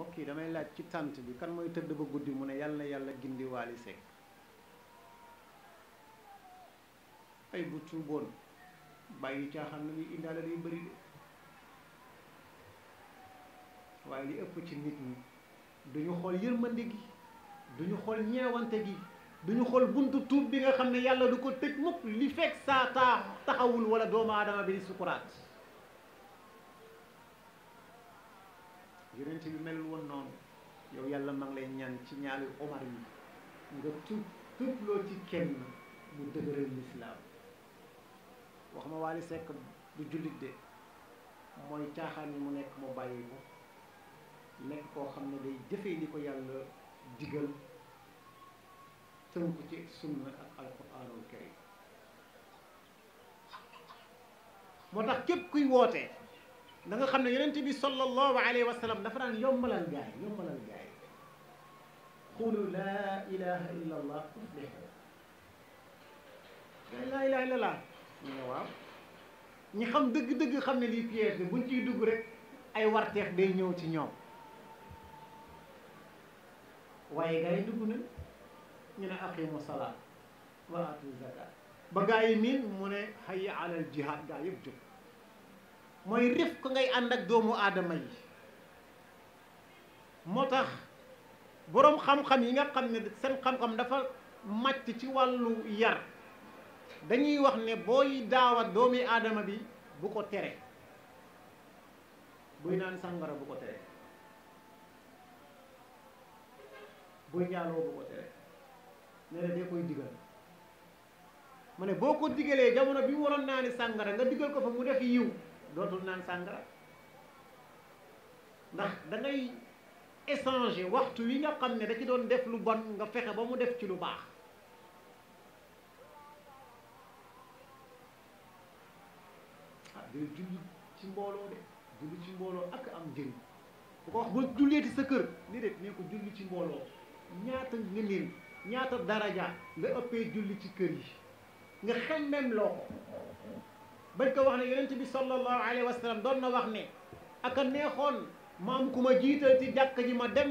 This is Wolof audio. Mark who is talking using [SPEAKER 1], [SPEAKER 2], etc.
[SPEAKER 1] bokk yi damay laaj ci tànt bi kan mooy tëdd ba guddi mu ne yàlla yàlla gindi Wally Seck ay bu tuuboon bàyyi caaxaan na ñuy indaale day bëri de waaye li ëpp ci nit ñi duñu xool yërmande gi duñu xool ñeewante gi duñu xool buntu tuub bi nga xam ne yàlla du ko tëj mukk li fekk saa taax taxawul wala doomu aadama bi di sukuraat yonent bi mel woon noonu yow yàlla ma ngi lay ñaan ci ñaari omar yi nga tub tubloo ci kenn mu dëgëral lislaam wax ma Waly Seck du jullit de mooy caaxaan yi mu nekk mu bàyyi ko nekk koo xam ne day jëfee li ko yàlla digal tënku ci sunna ak alquranul karim moo tax képp kuy wootee nanga xam ne yonent bi sallallahu alayhi wa sallam dafa daan yombalal gaa yi yombalal qulu laa ilaha illa allah tuflihu gaa yi laa ilaha ñu ne waaw ñi xam dëgg-dëgg xam ne lii piège bi buñ ciy dugg rek ay warteex day ñëw ci ñoom waaye gaa dugg na ñu ne aqimu salaat wa atu zakat ba gaa yi mu ne hayya alal jihad gaa yëpp jóg mooy rif ko ngay ànd ak doomu aadama yi moo tax boroom xam-xam yi nga xam ne seen xam-xam dafa màcc ci wàllu yar dañuy wax ne booy daawa doomi aadama bi bu ko tere buy naan sàngara bu ko tere buy njaaloo bu ko tere ne dee koy digal ma ne boo ko digalee jamono bi waroon naa ni sàngara nga digal ko fa mu def yiw dootul naan sàngara ndax da ngay waxtu wi nga xam ne da ci doon def lu bon nga fexe ba mu def ci lu baax ah day julli ci mbooloo de julli ci mbooloo ak am njëriñ bu ko wax ba julleeti sa kër ni de nee ko julli ci mbooloo ñaata ngëneel ñaata daraja nga ëppee julli ci kër yi nga xemmem loo ko bañ ko wax ne yonent bi sallallahu alayhi wa sallam doon na wax ne aka neexoon ma am ku ma jiital ci jàkk ji ma dem